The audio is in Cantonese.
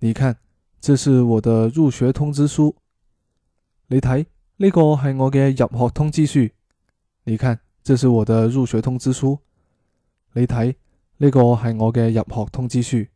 你看，這是我的入學通知書。你睇呢個係我嘅入學通知書。你看，這是我的入學通知書。你睇呢個係我嘅入學通知書。